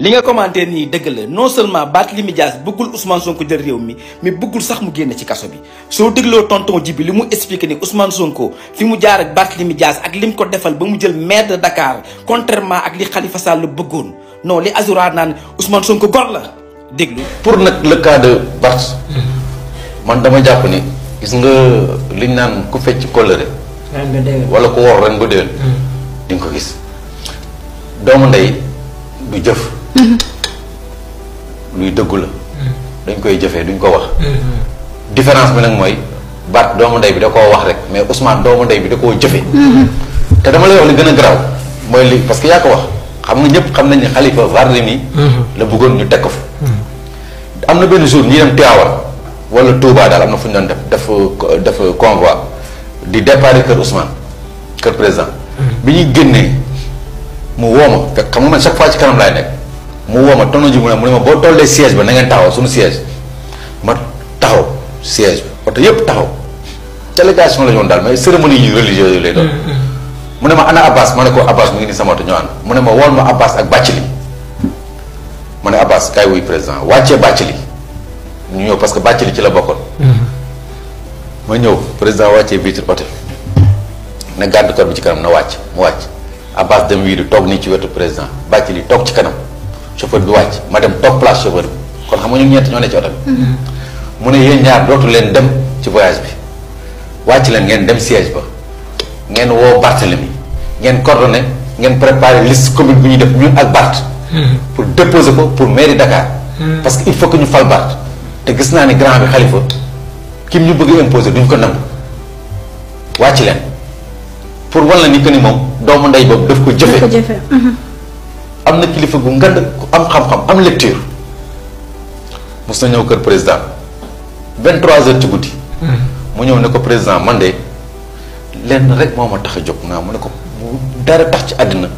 li nga commenté nii dëgg la non seulement Barthélémy Dias bëggul Ousmane Sonko jël réew mi mais bëggul sax mu génne ci kaso bi soo dégloo tonton ji bi li mu expliqué ni Ousmane Sonko fi mu jaar ak Barthélémy Dias ak lim ko defal ba mu jël maire Dakar contrairement ak li Khalifa Sall bëggoon non li Azoura naan Ousmane ko gor la déglu. pour nag le cas de man dama jàpp ni gis nga liñ naan ku fecc colère. wala ku wor ren ba déwén. Hmm. di nga ko gis doomu ndey luy dëggu la. Mm-hmm. dañ koy jëfee duñ ko wax. Mm-hmm. différence bi nag mooy baat doomu ndey bi da koo wax rek mais Ousmane doomu bi da koo jëfee. Mm-hmm. te dama lay wax li gën a garaaw mooy li parce que yaa ko wax xam nga ñëpp xam nañ ne Khalifa Wardini la bëggoon ñu teg ko am na benn jour ñi dem Tivaouane wala Touba daal am na fu ñu doon def def def convoi di départ kër Ousmane kër président. bi ñuy génnee mu woo ma xam nga man chaque fois ci kanam laay nekk. mu woo ma tonton ji mu ne ma boo tollee siège ba na ngeen taxaw suñu siège ma taxaw siège ba oto yëpp taxaw délégation la ñu daal may cérémonie yu religieux yi lay doon. mu ne ma ana Abbas ma ne ko Abbas mu ngi nii sama oto ñu ànd mu ne ma wool ma Abbas ak Bathily ma ne Abbas kaay wuy président wàccee Bathily ñu ñëw parce que Bathily ci la bokkoon. ma ñëw président wàccee vitre oto na gàddu bi ci kanam na wàcc mu wàcc Abbas dem wii toog nii ci wetu président Bathily toog ci kanam. chauffeur bi wàcc ma dem toog place chauffeur bi kon xam nga ñun ñeent ñoo ne ci oto bi. Mm-hmm. mu ne yéen ñaar dootu leen dem ci voyage bi wàcc leen ngeen dem siège ba ngeen woo Barthélemy ngeen coordonné ngeen préparé liste commune bu ñuy def ñun ak Barth. Mm-hmm. pour déposer ko pour mairie Dakar. Mm-hmm. parce que il faut que ñu fal Barth. te gis naa ni grand bi xalifa kim ñu bëgg imposer duñ ko nangu wàcc leen pour walla ni que ni moom doomu ndey boobu daf ko jëfe am na kilifa gu ngand ku am xam-xam am lecture mos na ñëw kër président trois heures ci guddi. mu ñëw ne ko président man de lenn rek moo ma tax a jóg naa mu ne ko mu dara tax ci àddina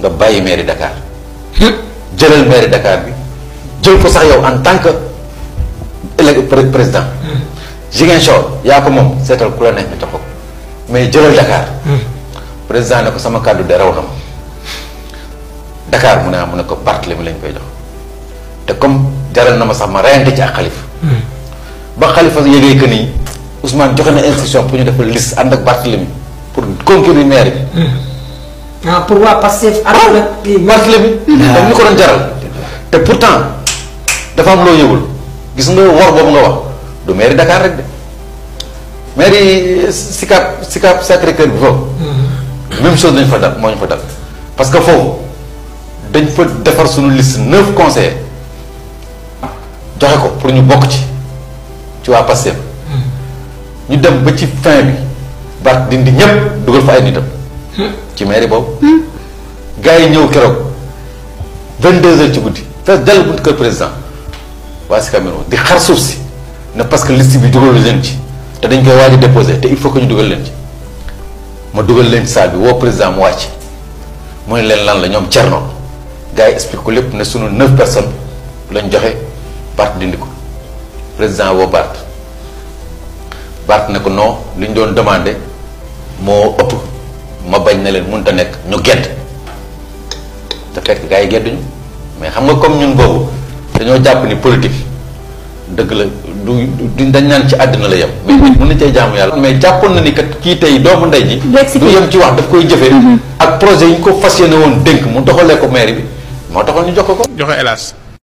nga bàyyi mairie Dakar. jëlal mairie Dakar bi jël ko sax yow en tant que élec président. Ziguinchor yaa ko moom seetal ku la neex nga jox ko mais jëlal Dakar. Hmm. président ne ko sama kàddu de raw na ma Dakar mu ne ah mu ne ko Barthélemy lañ koy jox te comme jaral na ma sax ma reyante ci ak xalifa hmm. ba xalifa yëgee que ni Ousmane joxe na instruction pour ñu defal liste ànd ak Barthélemy pour conquérir maire bi. Hmm. ah pour ah, hmm. ko doon jaral. te pourtant dafa am nga wor boobu nga wax du maire Dakar rek de maire Sicap Sicap Sacré-Cœur bi foofu. même chose lañ fa dal moo ñu fa dal parce foofu. dañ fa defar suñu liste neuf conseillers joxe ko pour ñu bokk ci ci waa Pastef hmm. ñu dem ba ci fin bi ba dindi ñëpp dugal fa ay nitam hmm. ci mairie boobu hmm. gars yi ñëw keroog vingt deux heures ci guddi fees dell buntu kër président waa si Cameroun di xar suuf si ne parce que liste bi dugalu leen ci te dañ koy waaj a déposé te il faut que ñu dugal leen ci ma dugal leen ci salle bi woo président mu wàcc mu ne leen lan la ñoom cernoon gars yi explique ko lépp ne sunu neuf personnes lañ joxe Bart dindi ko président woo Bart Bart ne ko non li ñu doon demandé moo ëpp ma bañ na leen mënut a nekk ñu gedd te fekk gars yi gedduñu mais xam nga comme ñun boobu ñoo jàpp ni politique dëgg la du duñ dañ naan ci àddina la yem. mais nit na cee jaamu yàlla. mais jàppoon na ni kat kii tey doomu ndey ji. du yem ci wax daf koy jëfee. Mm-hmm. ak projet yi ñu ko fas yéene woon dénk mu doxalee ko maire bi. moo taxoon ñu jox ko ko. joxe hélas.